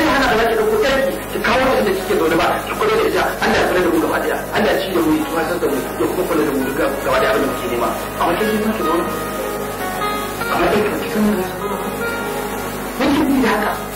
zai ana da zaki dauko kanki ki kawo ta inda kike zaune ba ki kula da ita Allah ya kula da mu gaba daya ci da mu ya tuwatar da mu ya kuma kula da mu duka gaba daya abin da muke nema amma kai ma ki zauna amma kai ka cikin mun ki haka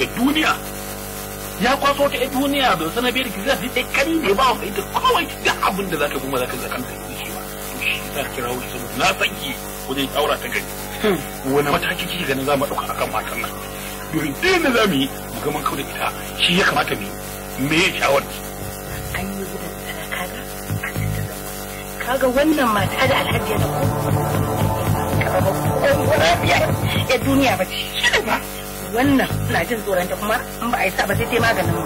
da duniya ya kwaso ta duniya bai sana biyar da ki zai dai kari ne ba wa ita kawai da abin da zaka goma zaka zakan ta yi shi ba to shi za ki rawo shi saboda na san ki wajen aura ta gani hmm. wani mataki kike ganin za mu dauka akan matan nan domin duk da za mu yi mu ga mun da ita shi ya kamata mu yi me ya shawar an yi kaga kaga wannan mata da alhaji ya da ko ya duniya ba ce wannan na jin tsoron ta kuma in ba a yi sa sai dai maganin mu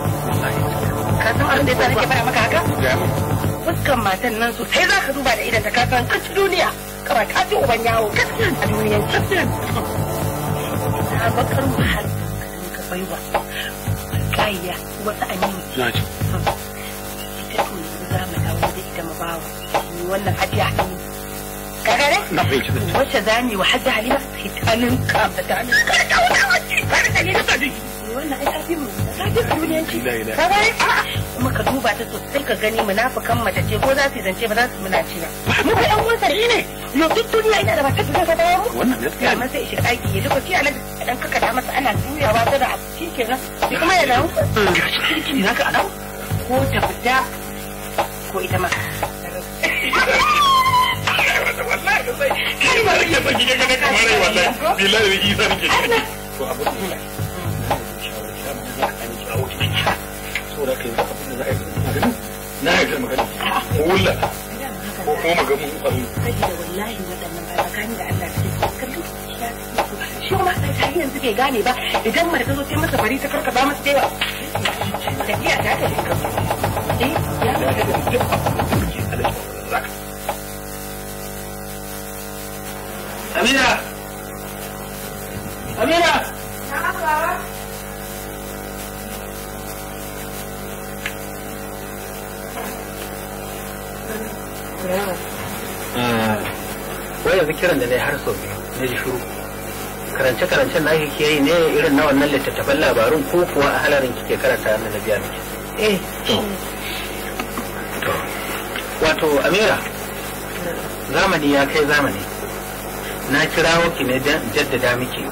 ka san abin da ya sa nake fara maka haka fuskan matan nan sosai za ka duba da idan ta ka san ta duniya kama ka ci uban yawo a duniyan ci ta bakar mahal ka baiwa kayya wata amini na ji ita to yanzu za mu dawo da ita mu bawa ni wannan hadiya kagare wacce za mu yi wa hajji halima sai ta ne. da ta kare ta ta tafi gani kuma ka duba ta sosai ka gani munafikan mace ce ko za su zance ba za su munaci ba mu ga yan uwan sarki ne yo duk duniya ina da ba ta da ta dawo wannan gaskiya amma sai shi aiki ya duka tiya dan kaka da masa ana juyawa ta da shi kenan sai kuma ya na ka dawo ko ta fita ko ita ma wallahi sai kai ba ga to abu abdullahi na yi shawarci amma za a yi a wuce saboda ka yi abin da za a yi magana na yi da magana mu wulla ko kuma maga mu faru da wallahi waɗannan ba tsakani da Allah ke kallon shi ma sai ta yanzu bai gane ba idan mara ta zo ta masa bari ta karkaba masa da yawa tafiya ta ta dinka eh ya ga da duk Amira Amina! Ah, wai yanzu kiran da na yi har sau biyu na ji shuru. Karance-karancen na ake ke ne irin na wannan littattafan labarun ko kuwa a halarin kike karanta na da biya miki. Eh. Wato Amira, zamani ya kai zamani. Na kirawo ki ne jaddada miki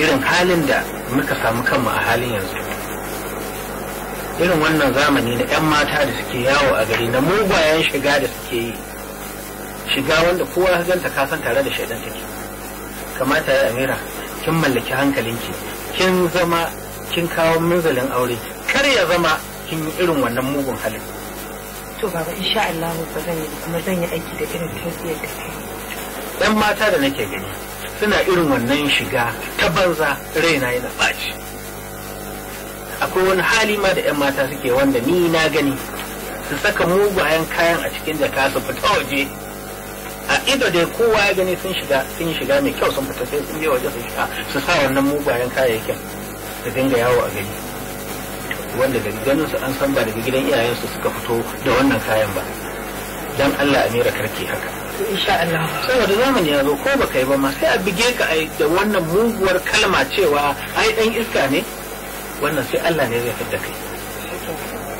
irin halin da muka samu kanmu a halin yanzu irin wannan zamani na 'yan mata da suke yawo a gari na mugayen shiga da suke yi shiga wanda kowa ganta ka san tare da shaidan take kamata ya amira kin mallaki hankalinki kin zama kin kawo munzalin aure kar ya zama kin yi irin wannan mugun halin to baba insha Allah ba zan yi kuma zan yi aiki da irin tafiyar da kai yan mata da nake gani suna irin wannan shiga ta banza raina yana ɓaci akwai wani hali ma da 'yan mata suke wanda ni na gani su saka mugayen kayan a cikin jaka su fita waje a ido dai kowa ya gani sun shiga sun shiga mai kyau sun fita sai sun je waje su shiga su sa wannan mugayen kayayyakin su dinga yawo a gani. wanda daga ganin su an san ba daga gidan iyayensu suka fito da wannan kayan ba dan Allah a amira karke haka insha Allah saboda zamani ya zo ko baka yi ba ma sai a bige ka ai da wannan muguwar kalma cewa ai dan iska ne wannan sai Allah ne zai fidda kai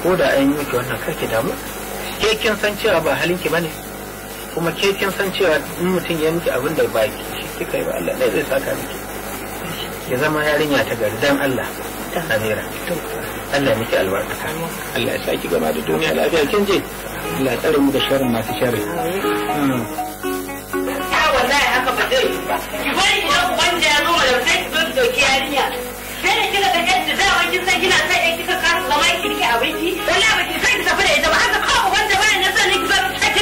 ko da an yi miki wannan karki damu ke kin san cewa ba halinki ne kuma ke kin san cewa in mutum ya miki abin da ba ki kika yi ba Allah ne zai saka miki ya zama yarinya ta gari dan Allah Samira Allah miki albarka Allah ya saki gama da duniya lafiya kin je Allah tsare mu da sharrin masu sharri hmm. ya wallahi haka ba zai ba ki bari idan wanda ya zo da sai ki zo ki doki yarinya sai da kika ga yadda da wani kin kina sai ɗan kika kasa zama kirki a biki wallahi ba ki sai ki tafi da ita ba haka kawai wanda ba na sani ki zo kin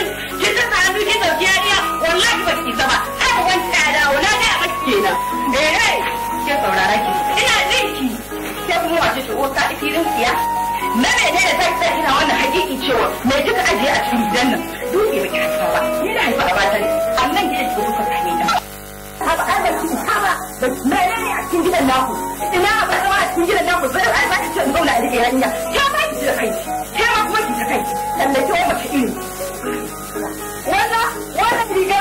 kin ta sanu kin doki yarinya wallahi ba ki zama haka wanda ya dawo na ga ba kenan eh eh ke saurara ki ina jinki ke kuma wace ce ko ka ikirin siya na ne ne da ta kisa ina wannan hakiki cewa me kika ajiye a cikin gidan nan dole ba ki haifa ba ni na haifa a bata ne annan gidan ki kuka kame Haba ha ba haba da ku ha ba me ne a cikin gidan naku ina ba zama a cikin gidan naku zai ai ba ki ce in zauna a rike hanya ke ba ki da kai ke ma kuma ki da kai dan da ke wa mace ilimi wannan wannan riga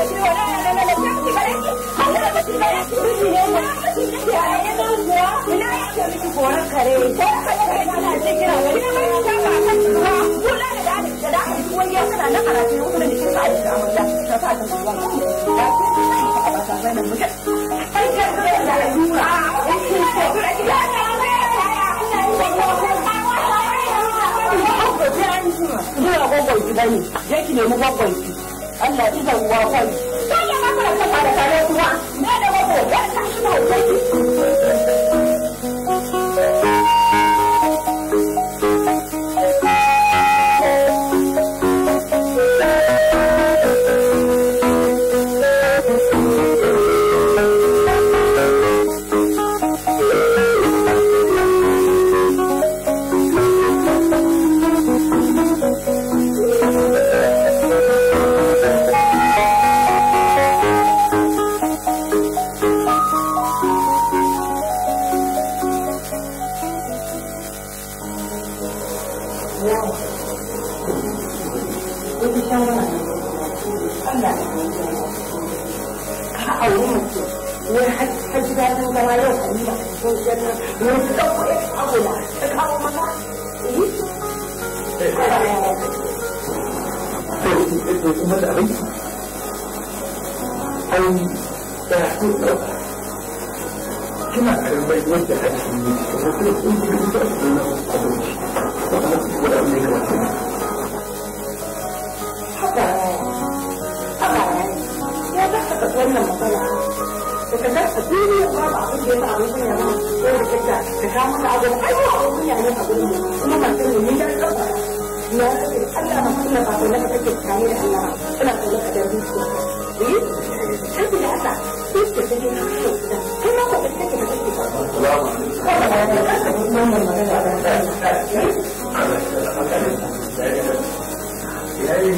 Zai agogon ki bane, je ki nemi gwaggon ki. Allah idan wa kai sai ya maka da kafa da kare kuma na da mako ya tashi na يكون مسألة أو يكون كما لما يوجه هذه الميزة يقول لك أنت بالذات لنا قبلت وقلت ولا أملك wannan matsala da ka zarta duniya ba ba abin da ya faru ne ya zama wanda kika ka kama da abu ai ba abin ya ne a gurin kuma ban san ne ni da na Allah ba ba tare da Allah da eh? sai ku ta ku ce da ni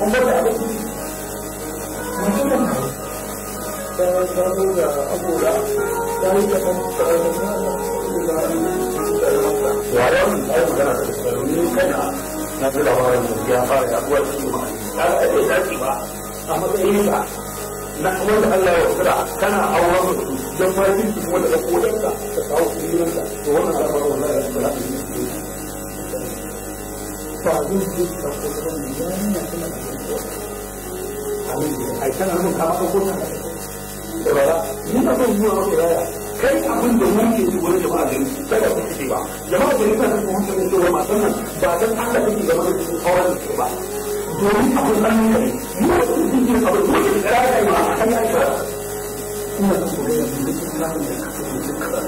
da kake ba selalu dah aku dah dari dalam perasaan aku dah kita lepas. Walau saya bukan aku selalu ini kena nanti lah orang yang siapa yang aku cuma kalau ada lagi mah sama tu ini lah. Nak mana Allah kira karena Allah itu yang mesti semua dah aku dah tak tahu ini lah. Tuhan akan mengolah yang berat ini. Pagi itu aku sedang di mana nak kena. Aku, aku kan aku tak mahu kau nak. da bara ni na son zuwa maka yaya kai abin da wani ke yi jama'a gari daga kuma ce ba jama'a gari na da kuma sanin cewa matan nan ba dan Allah kake zama da cikin auren da ba domin abin nan ne mu da su jin jin abin da ke da kai ma an yi ba ina da kuma yin da kuma nan da ka fi jin kada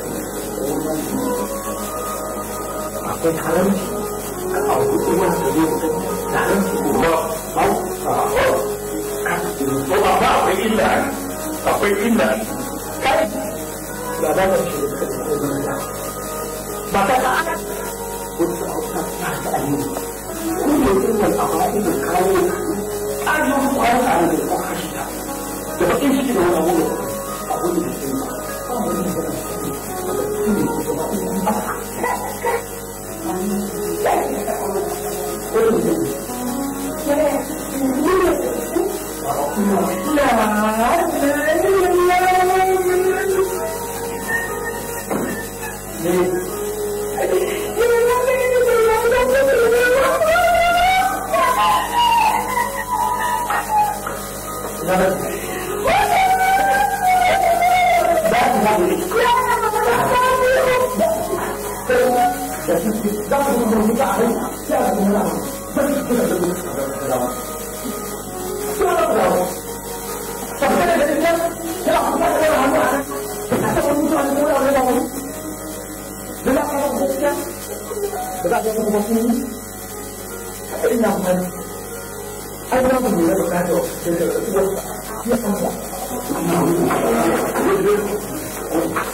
akwai haramci ka auku kuma da zai mutum da haramci kuma ba ba ba ba ba ba ba ba ba ba ba akwai inda labarin shi da suka da kuma da ba ta ta ana wasu hausa ta ta ayi ko da yin wani abu da kawo ƙarfin kwayar tsari da kuma kashi ta da bakin ciki da wani abu da a wani da shi ba wani da ba Yeah. ليه؟ Thank you. 我感觉我老公，他应该，哎，我感觉我感受，就是我，越感觉。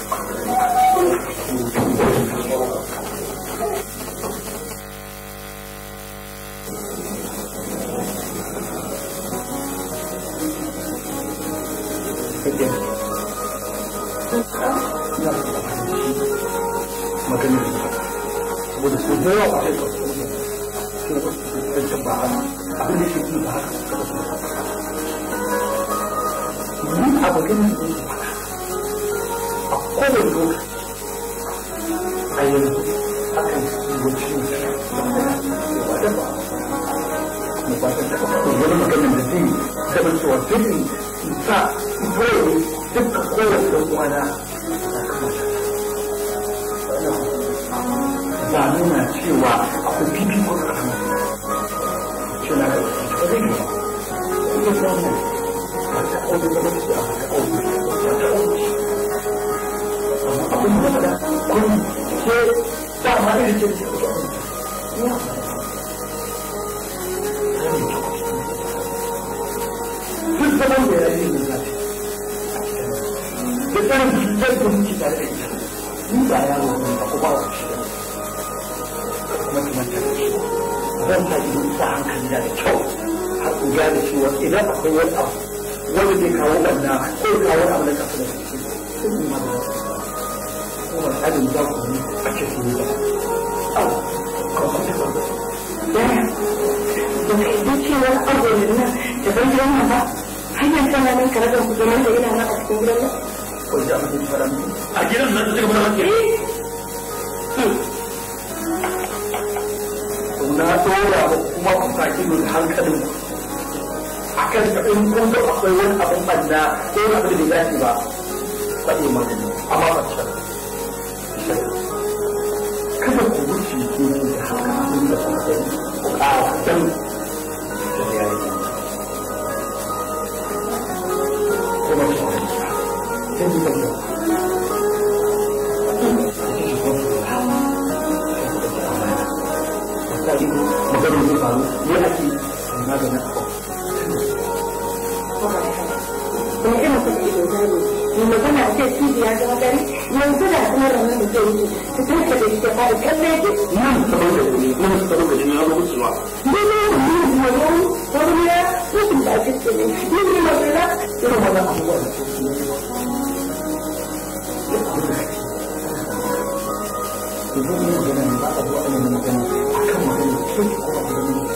ko da su da yawa a kai abin da ke yi ba haka suka su ni a bakin da yake a kowane lokaci a yanzu akan yi wacce ba da ba mu ba ta taɓa wani maganin da zai yi taɓa cewa duk in sa in kawai duk kowane ɗan uwana a kamata na nuna cewa akwai fifiko tsakanin shi na da ta zai gaba ita samu ba ta aure ba ta ba ta aure ba ta aure abin da ta kun ke dama irin ce ce ta duk zaman da da da da da da wannan yi sa hankali da kyau har da shi cewa idan akwai wani abu wanda zai kawo wannan ko kawo abu na kafin da su sun yi ma da kuma al'adun za ku yi a cikin yi ba da cewa agwalin nan da ban jiran nan ba hanyar kana ne ka ku da ina na a cikin gidan nan. Ko da abin da a gidan nan da suka fara eh, na dora ba kuma ku saki da hankalin akan ka in kun ga akwai wani abin banna ko wani abin da bai ba ba faɗi maka magana a ce cibi ya zama gari yanzu da kuma ranar da zai yi su tarka da shi fara kalle ki. Nan tsaro da shi, nan tsaro da shi ya zama zuwa. Dole ne mu yi magana, wani ya rashin da ake ce ne, yin yi magana, irin wannan abubuwan. Idan ne magana ba a zuwa ana magana akan magana cikin kowa a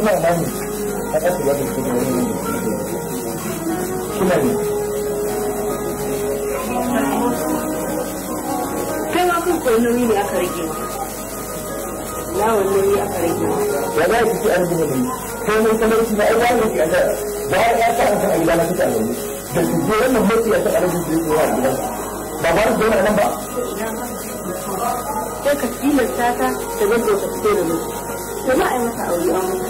suna nan a ƙasa yadda su wani suna ne kai ma kun koyi nauyi ne aka rage yawon nauyi aka rage ya za ki an zuba ne kai mai kamar su ba a da ba a ya sa an san a gida na fita a zaune da su ko wannan mafi ya taɓa rage su yi tsoron ba ba su zaune nan ba sai ka tilasta ta da fito da mutu. Jama'a yi masa aure a mutu.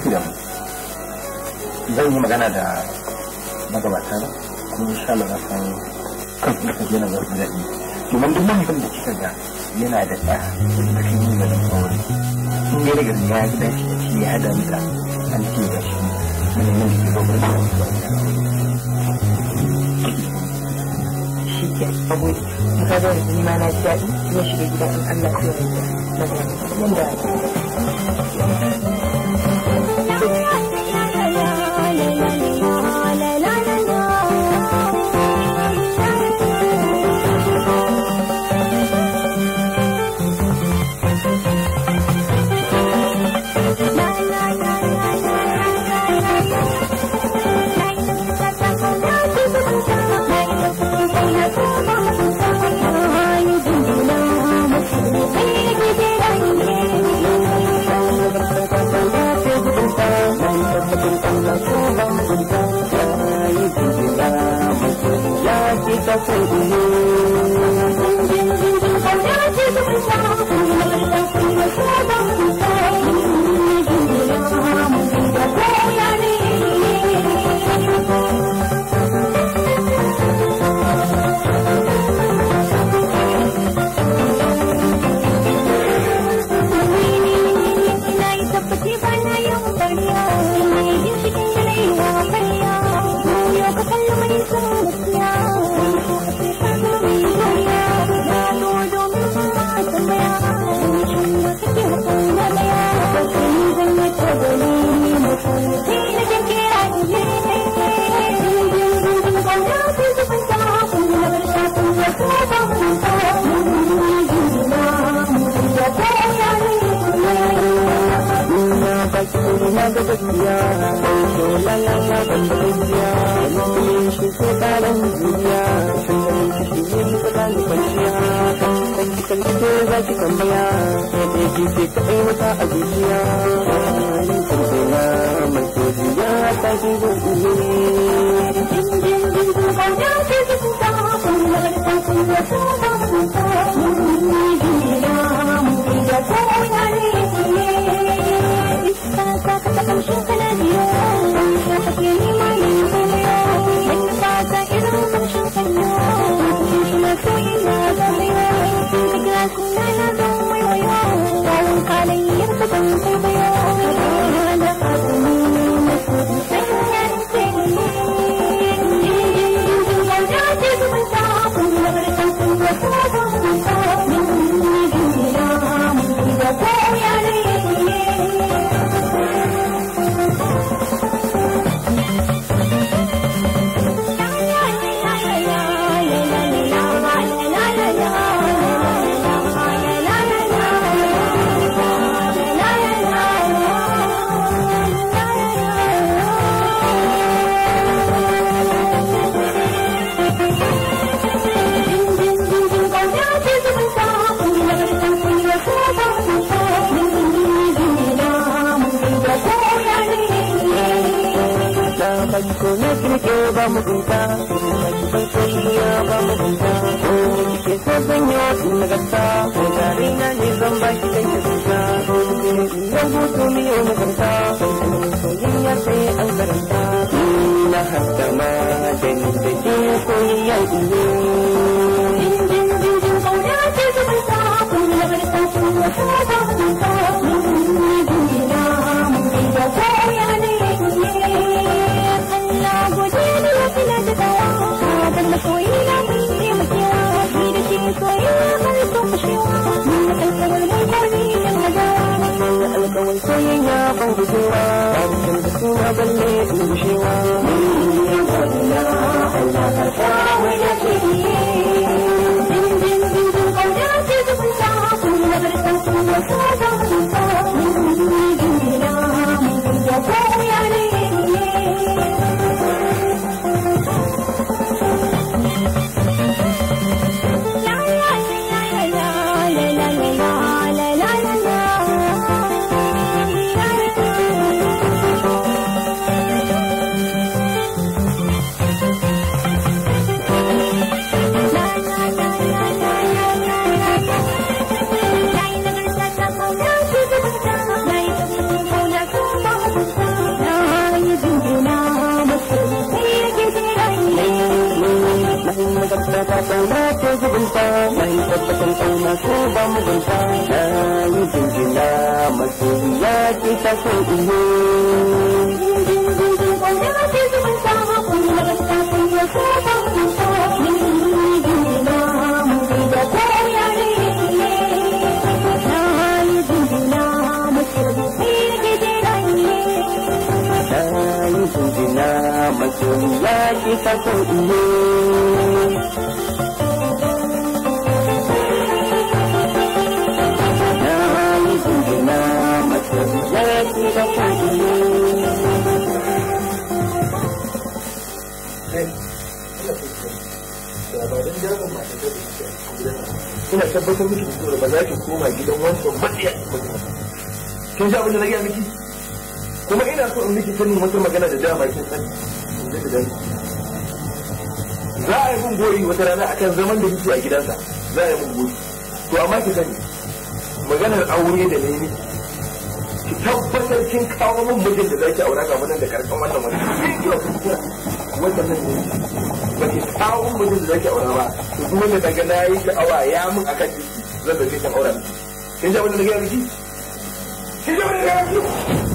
karki da mu zan yi magana da magabata ba kuma insha Allah za ka kanku ka gina za daɗi domin duk mahaifin da kika ga yana da ɗa da kan yi da aure sun yi daga ya yi da shi ya hada da an ce da shi mun yi da gobe da shi ke abu ta da da que Thank you. gaskiya shola lalla ban gaskiya mun shi ko balan duniya shi ne mutan kwanciya kan kan ke za ki tambaya ko da ki ce kai wata a zuciya ni kan sai na mai godiya ta ki godiya Thank you. Samsung Palacio. ko na kirke ba mu gunta na kisan soyayya ba mu gunta ko ne kike so zanyo tun na gasta ko gari na ne zan ba ki kan ki gunta ko ne zan hutu mi yau na gunta soyayya sai an karanta na hatta ma da ni da ke soyayya iye Yeah. Four. batan kauna ko ba mugunta na yi jinjina masu ya ke ta so iyo Masoyiya ke ta so ina tabbatar miki da ba za ki koma gidan wancan matsiya kin sha abin da nake miki kuma ina so in miki sanin wata magana da dama kin sani za a yi mun goyi wata rana akan zaman da kike a gidansa za a yi mun goyi to amma ki sani maganar aure da ne miki tabbatar kin kawo min mijin da zaki aura gaba nan da karshen wannan wani bidiyo wanda nan ne ba ki kawo min mijin da zaki aura ba to duk wanda daga na yi sha'awa ya min akan ciki zan da ta aura kin ji abin da nake miki kin ji abin da nake yi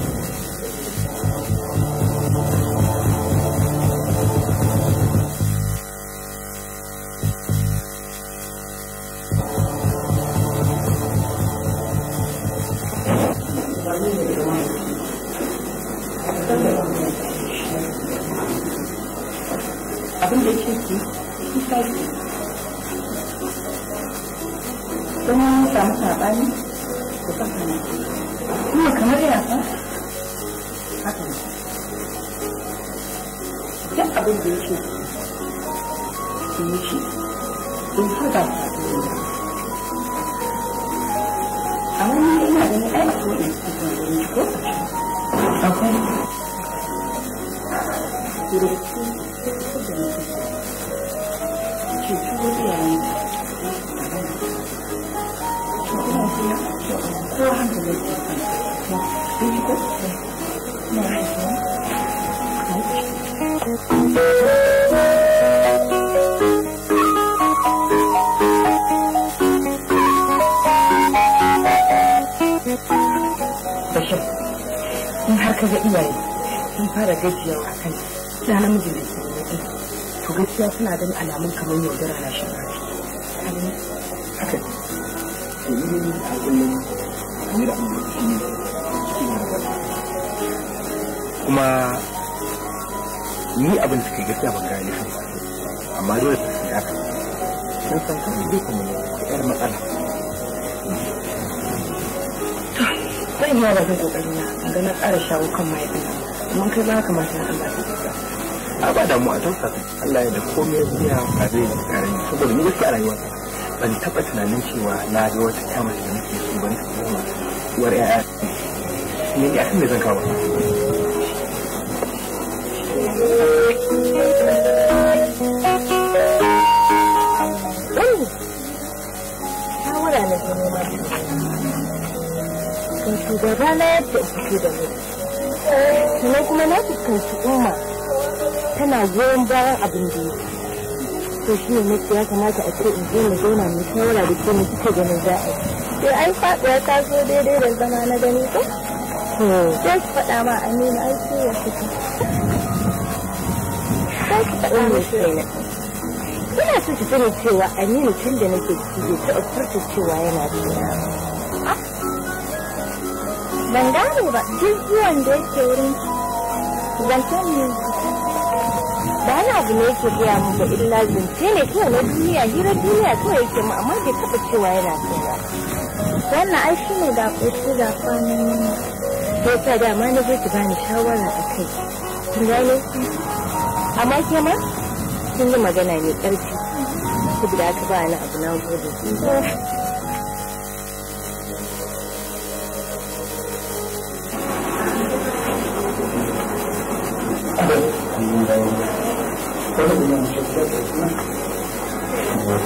da rana yadda fito da mu sannan kuma na cikin su umma tana goyon bayan abin da yake to shi ne mace ya kamata a ce in je mu zauna mu shawara da ke mu kike ganin za a yi to ai faɗuwa ta zo daidai da zama na gani ko sai ki faɗa ma amina ai ce ya fito sai su faɗa ma shi ina so ki sani cewa aminu tun da nake ciki ta taɓa furta cewa yana da ban gane ba duk zuwan da yake wurin zancen ne ba na abu ne yake gaya mu ba illa zance ne kuma na duniya hirar duniya kawai yake mu amma bai taɓa cewa yana kaiwa wannan ai shi ne da ƙoci da kwanan ko ta dama na zai ki bani shawara a kai kin gane amma ke ma kin yi magana mai ƙarfi da aka ba ni abu na gode Вот,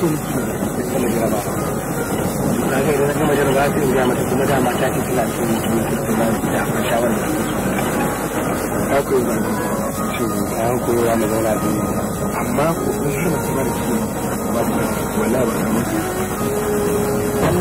sun na gama na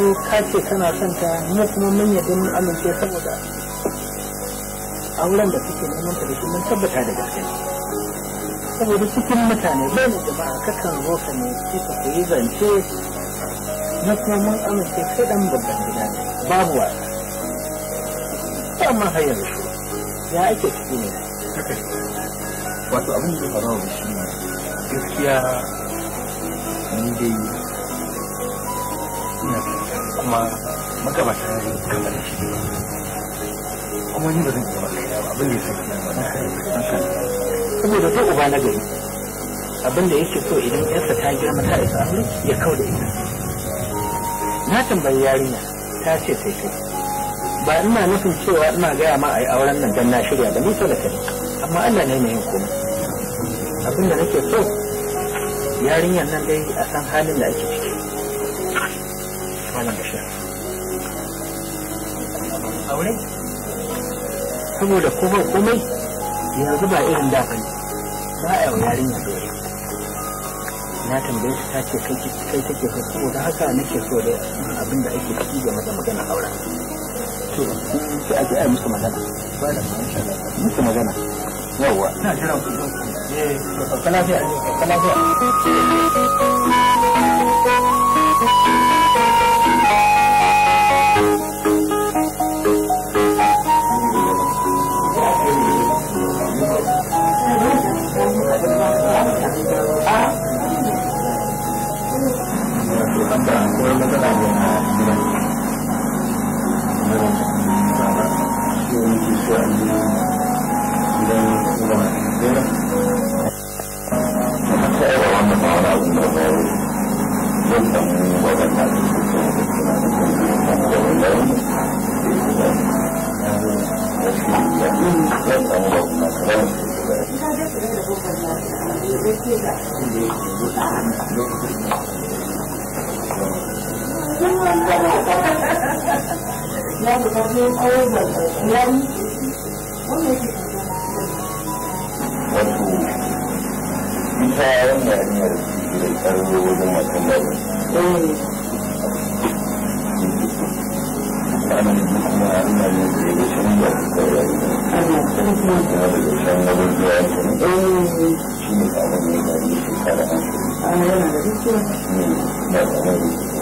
zo ka ce kana son ta mu kuma mun yadda mun amince saboda auren da suke neman ta da shi mun tabbata da gaske saboda cikin mutane bai jama'a kakan zo ka ne ka yi zance na kuma mun amince kai dan babban gida ne babu wa amma har yanzu ya ake ciki ne wato abin da faruwa da shi ne gaskiya ni dai ina kuma magabata na yi gangan da shi kuma ni ba zan iya maka ba abin da ya sanya ba na kare saboda ko uba na gari abin da yake so idan yarsa ta girma ta isa abin ya kawo da ita na tambayi yarinya ta ce sai kai ba ina nufin cewa ina gaya ma a yi auren nan don na shirya ba ni so da kai amma Allah ne mai yin komai abin da nake so yarinyar nan dai a san halin da ake aure saboda kuma ba komai yanzu ba irin dafani ba a ya dore na tambaye su tace ce kai take so saboda haka nake so da abin da ake ciki game da magana aure to sai a ji ai musu magana ba da musu magana yawwa na jira ku eh to lafiya lafiya cái rằng là mới có làm việc này mình mình chỉ chuyện mình rồi thế đó nó sẽ là một bảo đạo của nó luôn tầm bảo đảm lại sự sống của chúng ta cũng như một người lớn thì chúng ta sẽ chỉ dẫn đến tổng đồng mà thôi Chúng ta biết được một phần là những cái kia là ya da karfe tsawon da ya yi wanda yake wasu ita wanda hanyar da tsaro wajen matan da ana da kuma ana yin da ya shan da su kawai da da shan da wani ya yi shi ne kamar ne da ya shekara an shi ne da kamar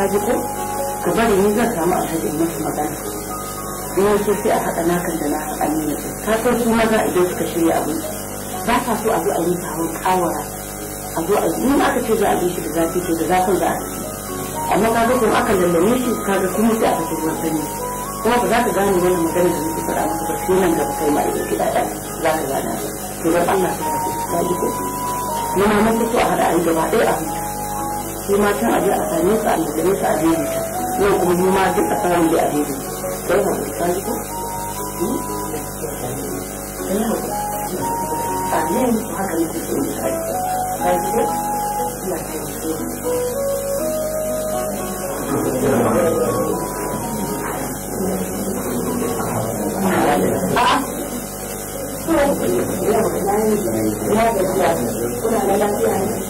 ka ji ko ka bari ni zan samu alhaji in masa magana yawanci sai a haɗa nakan da na amina ka san su maza idan suka shirya abinci ba sa so a zo a yi taron kawara a zo a yi aka ce za a bi da zafi to da zafin za a amma ka ga kuma aka lallame shi ka ga kuma sai aka tafi wani kuma ba za ka gane wannan magana da muke faɗa maka ba sai nan gaba kai ma idan kiɗa ɗan za ka gana to dan Allah ka yi ko muna mun fito a haɗa a yi gaba ɗaya a hutu sai ma can aje a same su a mutane su a daidaita yau kuma ma duk a da a ji ko a ne mutu haka ne kuke yi ko A'a, so, na kuna na lafiya ne.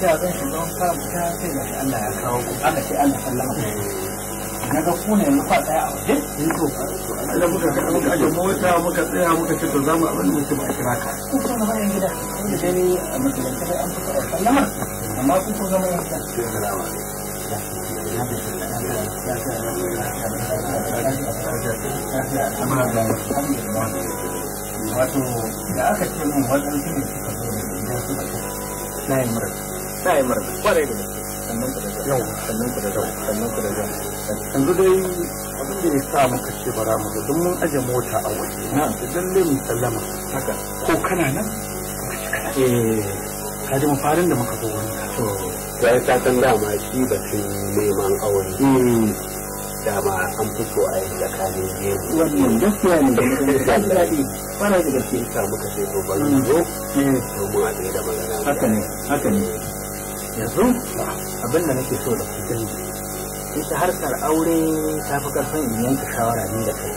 cewa zan ta sai Allah ya kawo ku Allah sai Allah sallama na ga ku ne tsaya a waje ko eh Allah muka ga muka muka tsaya muka ce to zamu abin mu ce ba kira ka ku gida da dai a masallaci sai an fara sallama amma ku ko zama gida sai wato da aka ce mun waɗansu ne suka zo da za a yi murna kwarai da gaske sannan ku da zuwa sannan ku da zuwa sannan ku da zuwa yanzu dai abin da ya sa muka ce bara mu da mun aje mota a waje na idan dai mu sallama haka ko kana nan eh ka ji da muka zo wani to ya ta san dama shi batun neman aure hmm. dama an fito a yi tsakanin jeru. Wannan gaskiya ne da mutum daɗi fara da gaske. Sa muka sai to ban zo hmm. domin a tsaye da magana. Haka ne, haka ne. yanzu abin da nake so da ku sani ita harkar aure ta fi karfin in yanka shawara ne da kai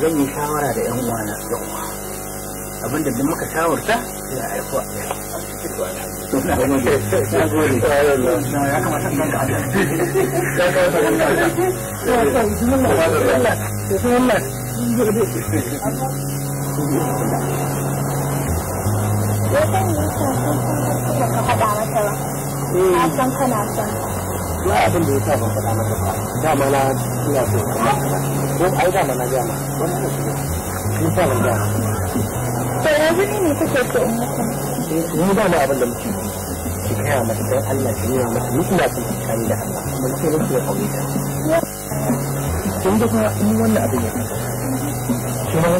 zan yi shawara da yan uwana da uwa abin muka shawarta a a ya kamata son ka faɗa mata ba. Eh. Ba abin da ya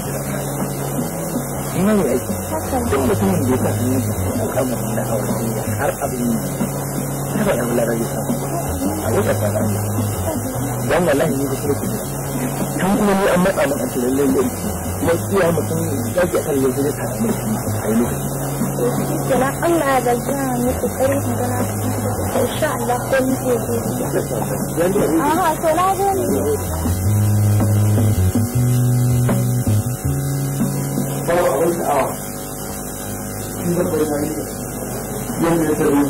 sa ina ne aiki duk mutumin da ya sa sun yi kamu da aure har abin yi ta faɗa bula rage samu a wata fara ne don wallahi ne da kirki kan kuma ni an matsa maka ce lallai ne kuma tsiya mutum ya ke kan yanzu ne tare mai a yi lokaci kenan Allah ya gaza ni kokarin magana insha Allah ko ni ke ji. Aha, to na gani. sha'awa in da farfari yadda ya tare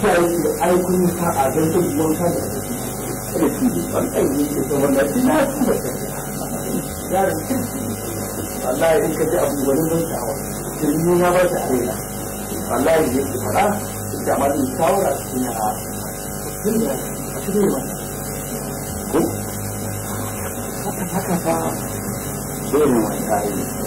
ta yi da aikun sa'a don ta wanka da ƙarfi wannan yi ke zama na shi na su da ƙarfi yaran kirki wallahi in ka ji abu wani don sha'awa kirmi na ba ta arena wallahi ne ke fara da ma din shawara su na a tun da su ne ma ko haka haka fa dole wani ta'ayi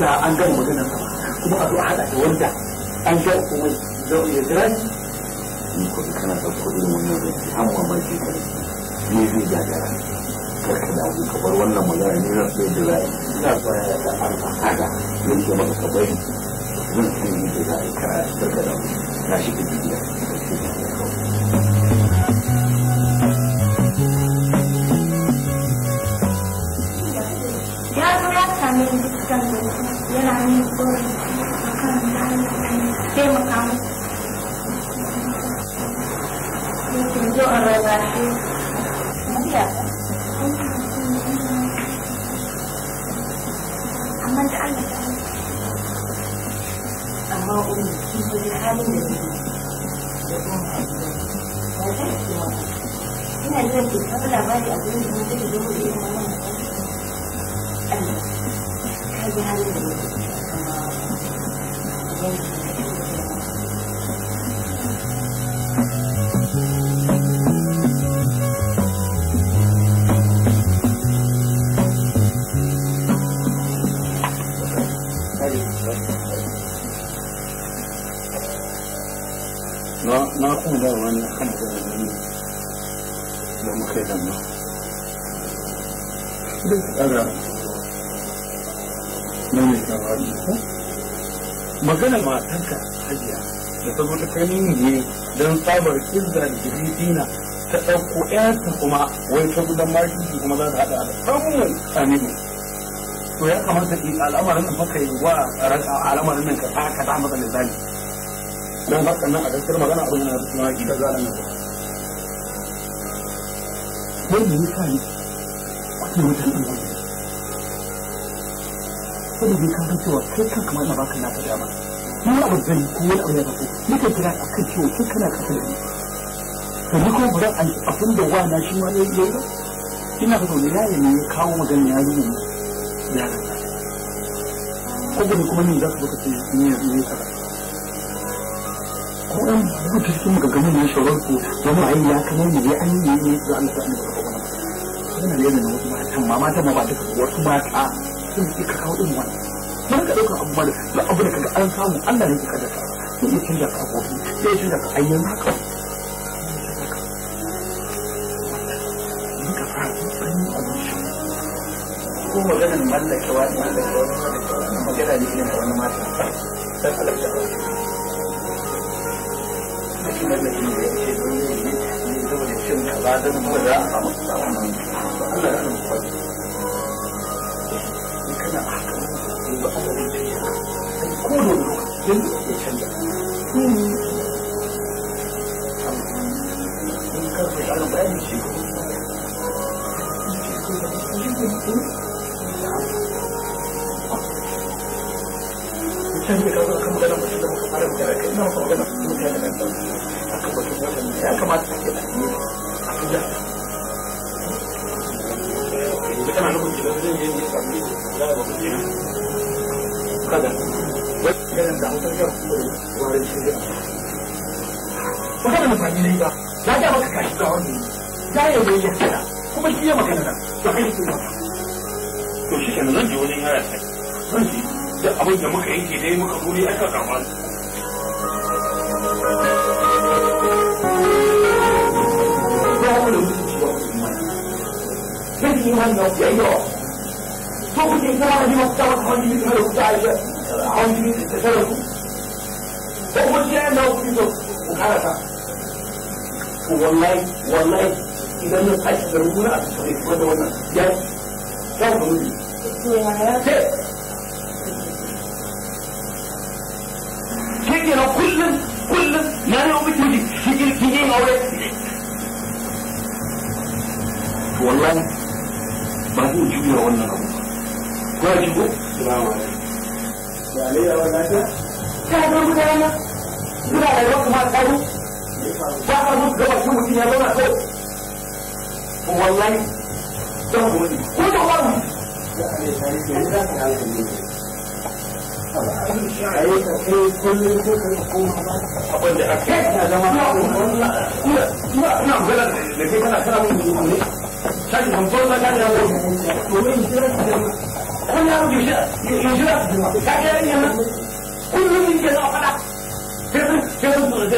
ga an gama maganar kuma a zo a haɗa wanda an iya jira kana da zai an mamaki ka ne zai gagara ka ka bar wannan magana ne na da zai ina so ya ta an haɗa ne ke maka ka bari da zai ka karka da na shi ka jiya kan ya kami pun akan mengalami tema kamu ini tunjuk relasi nanti ya aman tak ada sama umi itu dihari ini Okay. Ini ada yang kita dapat di atas ini, kita juga boleh dihormati. Thank you. magana matanka hajiya da ta zo ta kai ne don sabar izza da jiridina ta ɗauko ƴarta kuma wai ta gudan mariki kuma za ta haɗa da samun aminu to ya kamata al'amarin da muka yi wa al'amarin nan ka taka da masa misali don haka nan a gaskiyar magana abin yana da suna gida zaran nan wanda ya sa ne kuma mutum galibi ka san cewa kai kan kamar na baka naka dama ni ba abu zai ko wani abu ya zafi ni kira a kan cewa kai kana kasa da ni sannan kuma a da wa na shi ma ne ya yi ba ina ka zaune ya ne ya kawo magana ya yi ne ya ko gobe kuma ni za su baka ce ni ya yi kaza ko an buta cikin magagamin na shawarar ko wani ayi ya kamar ne ya yi ne ya za a nasa an yi ba kuma na yana da yanayin wasu matan ma mata ma wasu mata sun yi ka kawo irin wannan mun ka dauka abubuwa da duk abu da kaga an samu Allah ne ka dafa sai ya canza ka gobe sai ya canza ka ayyan haka ko maganar mallakewa da mallakewa da magana ne irin da wani mata dan Allah ya ba shi mallakin da ya ce don yi ne da cin ba don kuma za a samu samun Allah abin da ya canza in ka ya ƙarin bayani shi ko ya kamata auren shirya magana mutane ne ba ya ga maka kashi ga wani ya yi mai yadda kuma shi ya magana da ba kai ke ba to shi kenan zan je wajen yaya sai zan je da abin da muka yanke dai muka guri aka kama zan yi wannan yayyawa ko kuke kira wani masu tsawon hawan jini kamar da kuka aisha hawan jini da tsawon عرفة والله والله إذا ما تحس بالمرة الطريق ما دولنا جاو جاو بمدي كيف لو كل كل ما لو بتوجي يجي كيجي أولاد والله بقول جوا ولا نقول كويس جوا سلام عليكم يا ليه ولا لا كذا kuna da yawan kuma tsaro ba a mutu mutum ya zauna kawai wallahi don gudu ko da wani abin da ake zama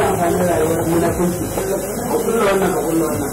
ya amfani rayuwar munafunci ka kulla wannan ka kulla wannan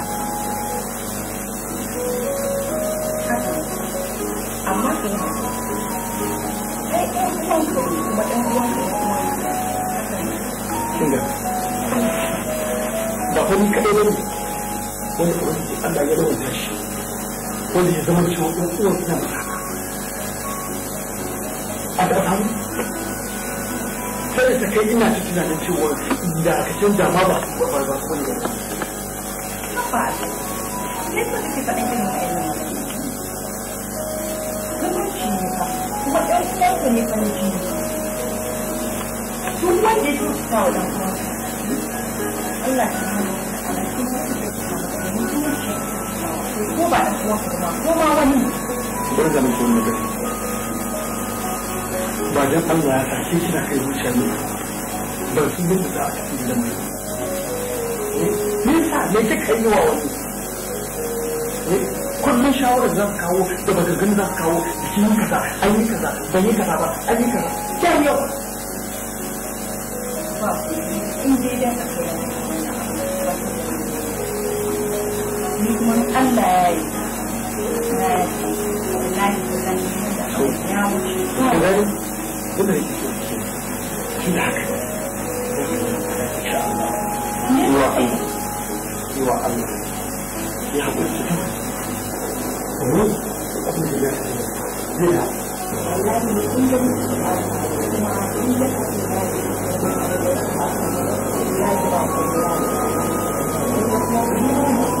kaɗai ne wanda ubangiji Allah ya rawanta shi wanda ya zama cewa ɗan uwan suna masa a ta samu sai da kai ina ta tunanin cewa da aka canza ma ba su ba ba ko ne ba ba ciki duk wanda ya tuta wa ɗan uwanka Allah ya ko ba ɗan uwan ba ko ma wani bar da mutum ne ba ba dan Allah ya sake shi na kai zuciya ne ba sun bin da a cikin gidan mu eh, me yasa me kika yi wa wani eh, kullum shawarar za su kawo da ba gangan za su kawo da kin kaza an kaza ban yi kaza ba an kaza kyau yau liên quan ăn bè là hồi nay hồi nay đã đổi nhau Thank you.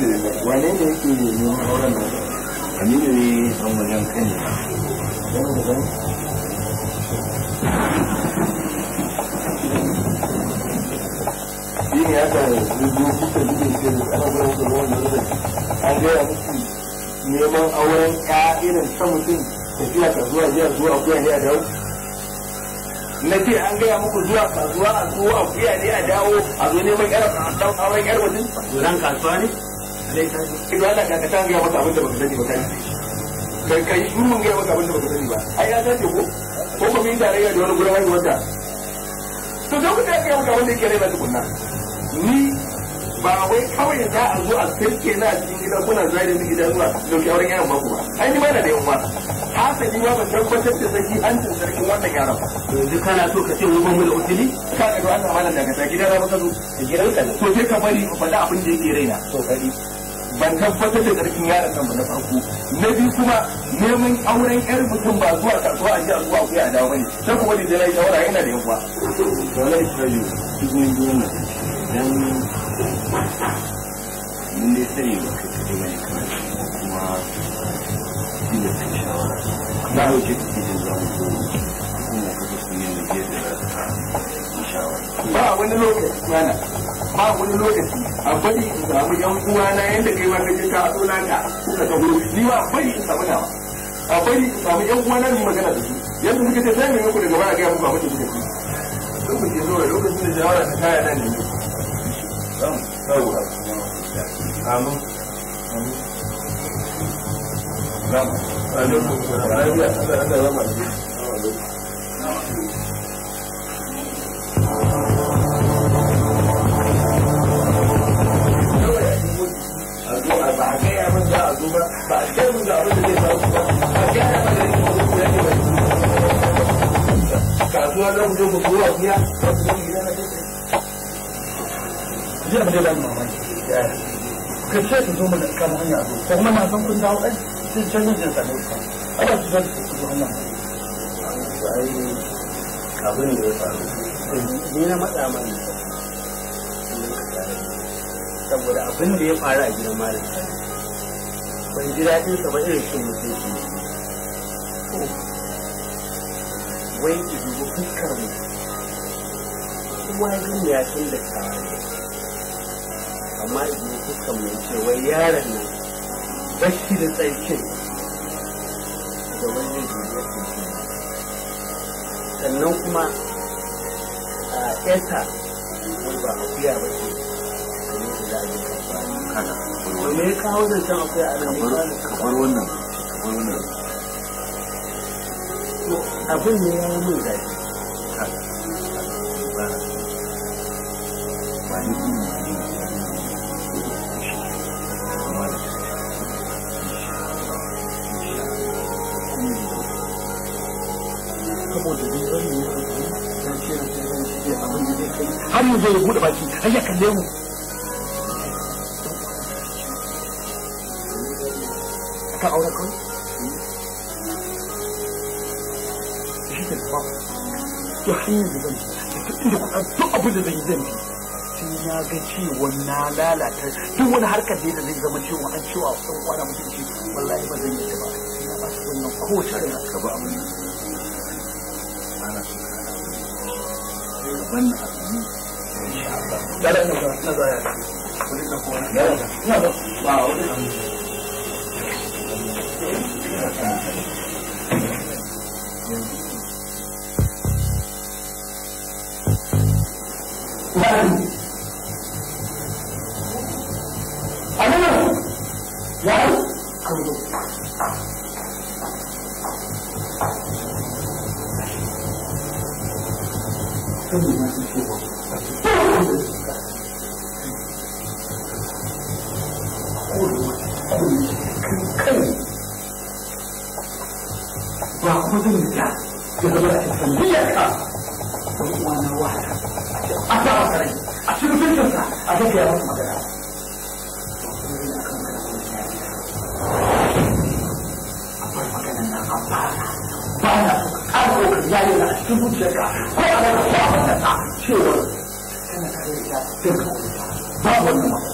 wane ne yake neman auren nan aminu ne don wajen kai shi ne aka rubu kuka duka ce ana gaya musu ruwan da ruwan an gaya musu neman auren ya ta mutum tafiya kasuwa zuwa zuwa kuwa ne a dawo na ce an gaya muku zuwa kasuwa a zuwa kuya ne a dawo a zo neman yar auren yar kasuwa ne ido Allah ka ta ga maka abin da baka sani ba ka yi kai shurun ga maka abin da baka sani ba ai ya dace ko ko ko min tarayya da wani gurin wani wata to da ku ta ga maka abin da yake rai ba tukunna ni ba wai kawai za a zo a sirke na cikin gida kuna zai da gida zuwa dauki auren yaron baku ba ai ni ba na da yawan ba hasali ma ban tabbatar da sai an tun sarkin wannan yaron ba yanzu kana so ka ce wani bamu da utili ka ga wannan malam daga gida na maka zo gidanka to sai ka bari ba da abin da yake raina to kadi ban tabbatar da ƙarfin yaron nan ba na farko na biyu kuma neman auren yar mutum ba zuwa kasuwa a ji a zuwa kuya a dawo bane sai kuma da dai shawara yana da yawa wallahi kayo cikin gona dan mun dai sai ba ka kaje bane kamar kuma shi da kai shawara na roƙe ka cikin zamu ko kuma ka kusa yin da ke da shawara ba wani lokaci mana ba wani lokaci a bari in samu yan uwa na yanda kai ma ka je ka hado naka ta gudu ni ma bari in samu dawa a bari in samu yan uwa na mu magana da su yanda suka ce sai mu muku daga baya ga muku abin da kuke ci sun ku ke zuwa lokacin da jawara ta kaya nan ne dan tsawo amin amin Assalamu alaikum. Assalamu alaikum. Bahkan tidak menjadi tahu Bahkan dapat dari manusia juga Kalau ada ujung berbuatnya Dia menjadi mamanya Kerja itu mana kamu hanya aku Kau mana kamu pun tahu eh Sejajarnya dia tak lupa Apa sudah kebutuhannya Saya Kabin dia tahu Ini nama tak aman Saboda abin da ya faru a gidan malam ban ji daɗin sa ba irin cin mutunci wai ki dubi fuskar mu kowa ya san da kawa ne amma idan fuskar mu ce wai yaron nan bashi da tsarkin da wani dubi sannan kuma a ƙesa ba a kuya ba ce kamar da a me ya kawo zancen akwai a nan kamar wannan kamar wannan abin ne ya yi min zafi ba ni ina ne ne zai abin da har mu zai bude baki har ya kalle kuɗin yanzu zan fi inda kuɗin duk abin da zan yi zan fi ga cewa na lalata duk wani harkar da yadda zai zama cewa an cewa ɗan kwana mutum ce wallahi ba zan yi ba na ba su wannan kowace ka ba abin da ana so wannan abin da na zaya Thank you. 아니면 양 강도 선생님 말씀주시고 와, 호등이야. 여러분, 미약하. sa masa rai a cikin mutuncinsa a gaskiya masa magana akwai maganan nan a bana bana an ya yi na cikin zuciyarka ko a daga kwa ta cewa kana kare da ta babu wannan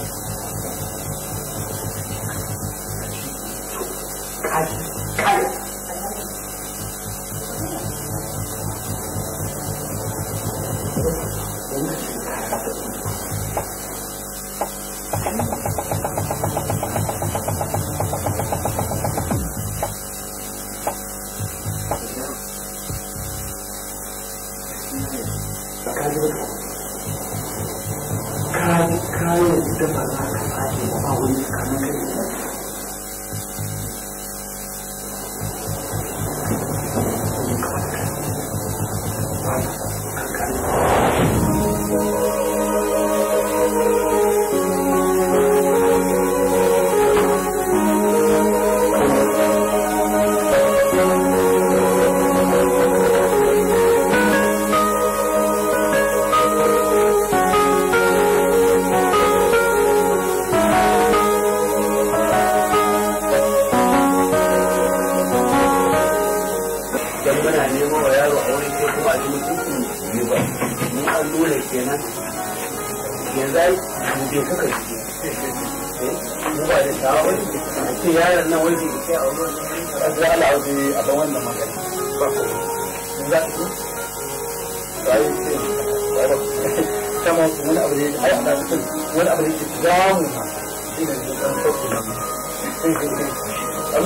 Allah ya tsaya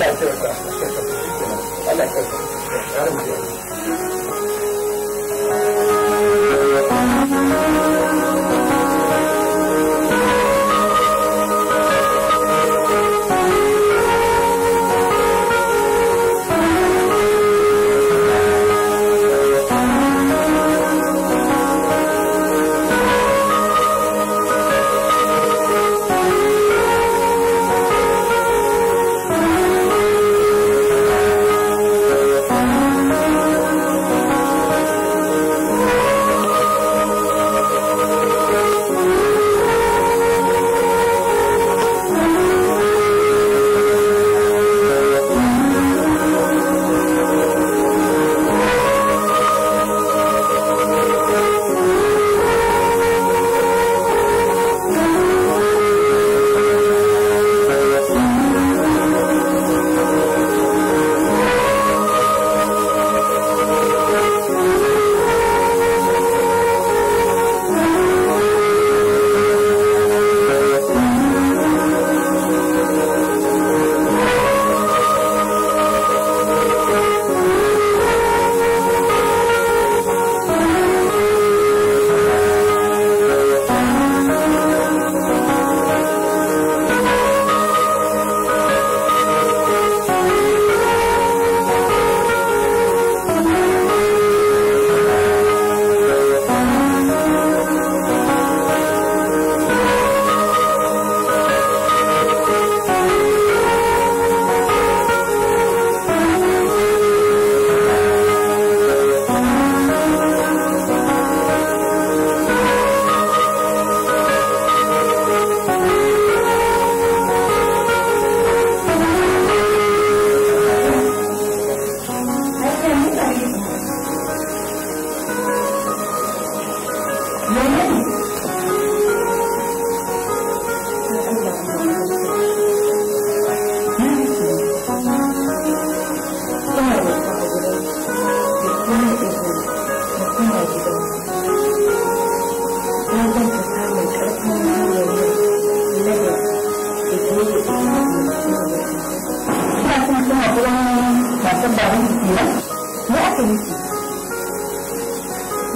Allah ya tsaya ya rabu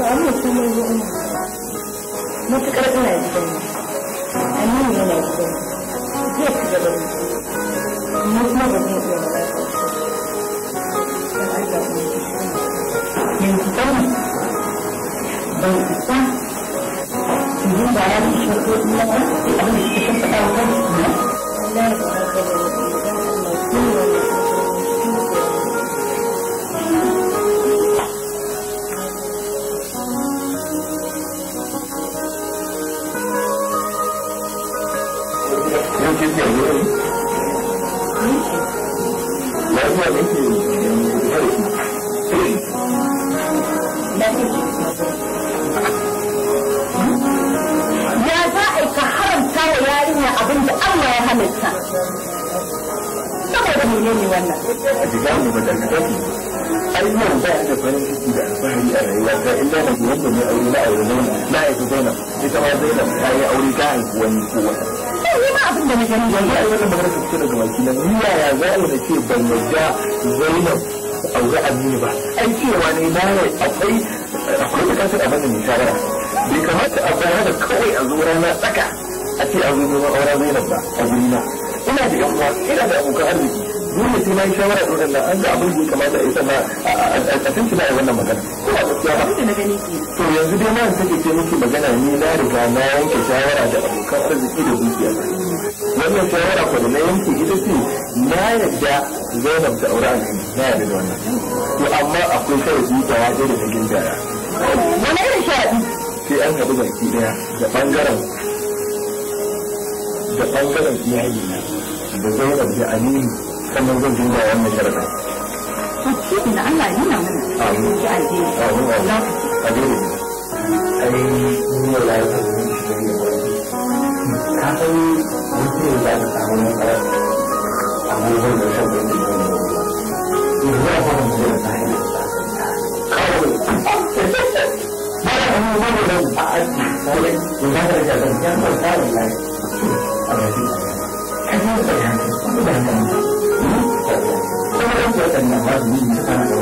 từng một cho mơ النواب مني أنا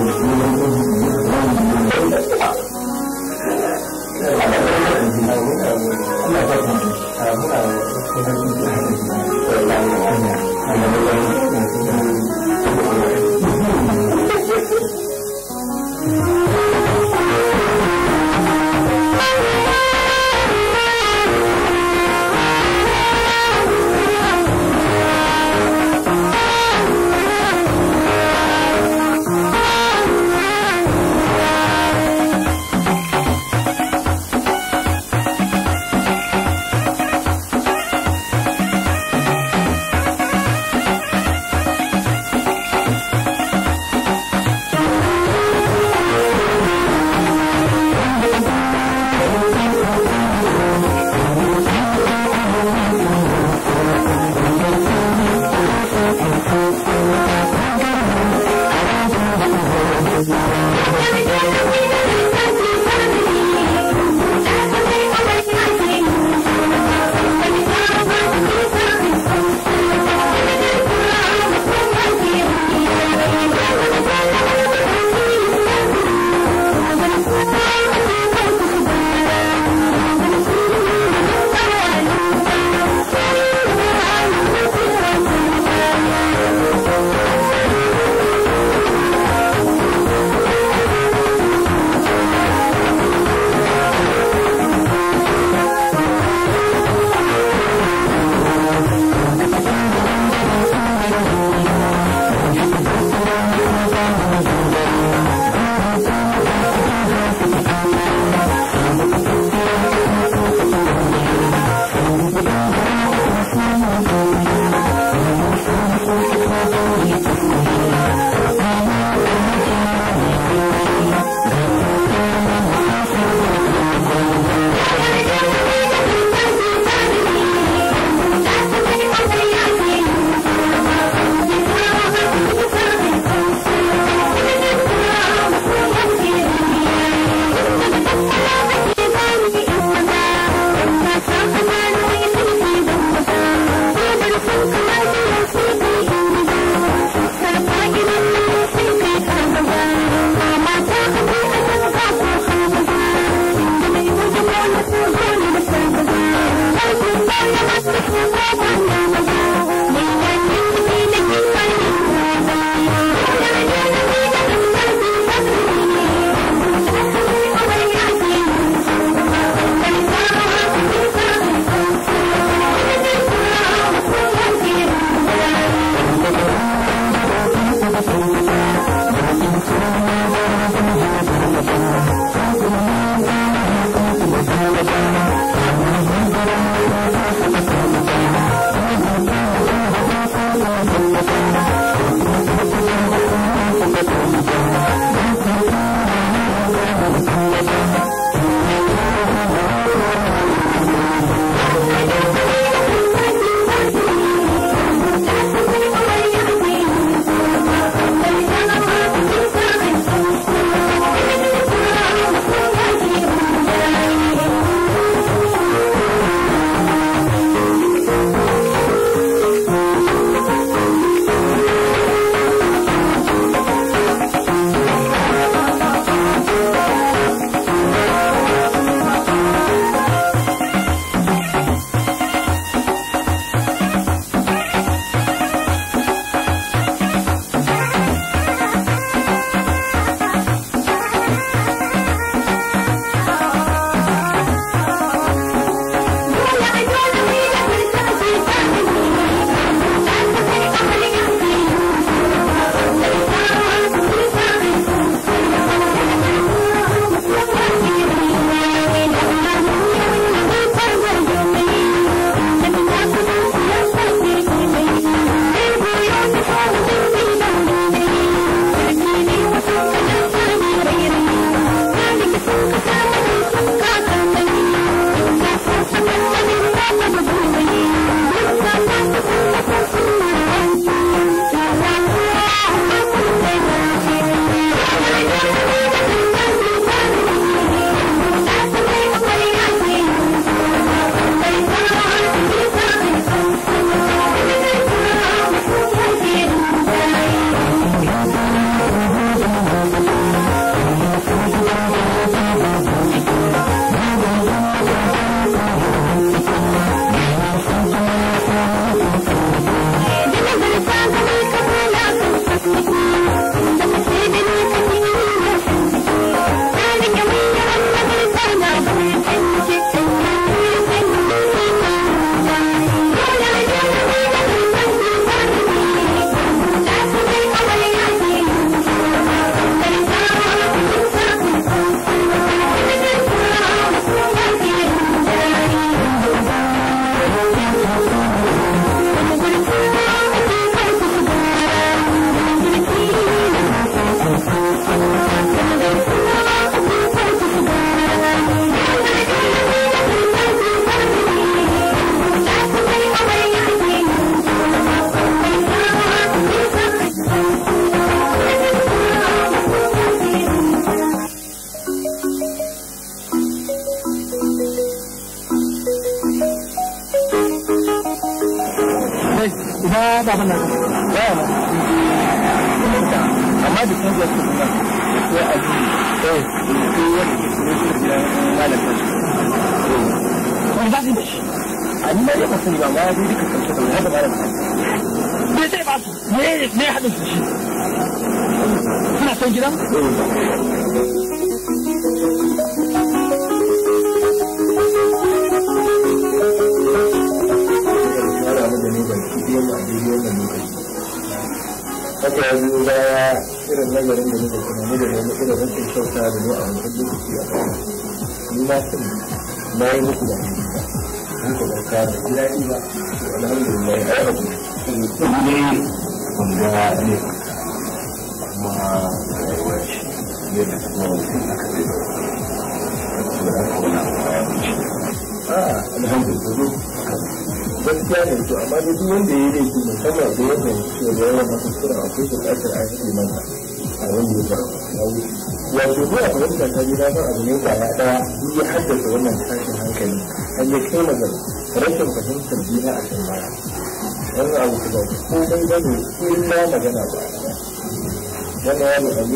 na ɗaya da gare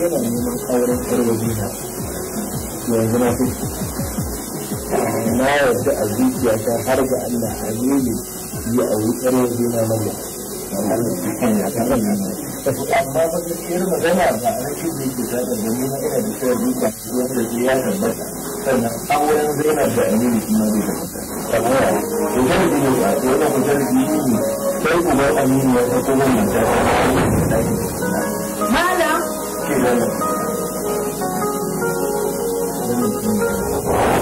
yana neman auren ƙarfi na yanzu na fi na yarda a zuciya ta har ga Allah amini ya auri ƙarfi na mallam amma ba yi magana ba a rashin da ke ta da gani na ina da shayar duka wanda ke ya tabbata sannan auren zainab da amini kuma zai tabbata kamar yanzu da ne a tsoron kujar sai uban aminu ya sako mun ta. malam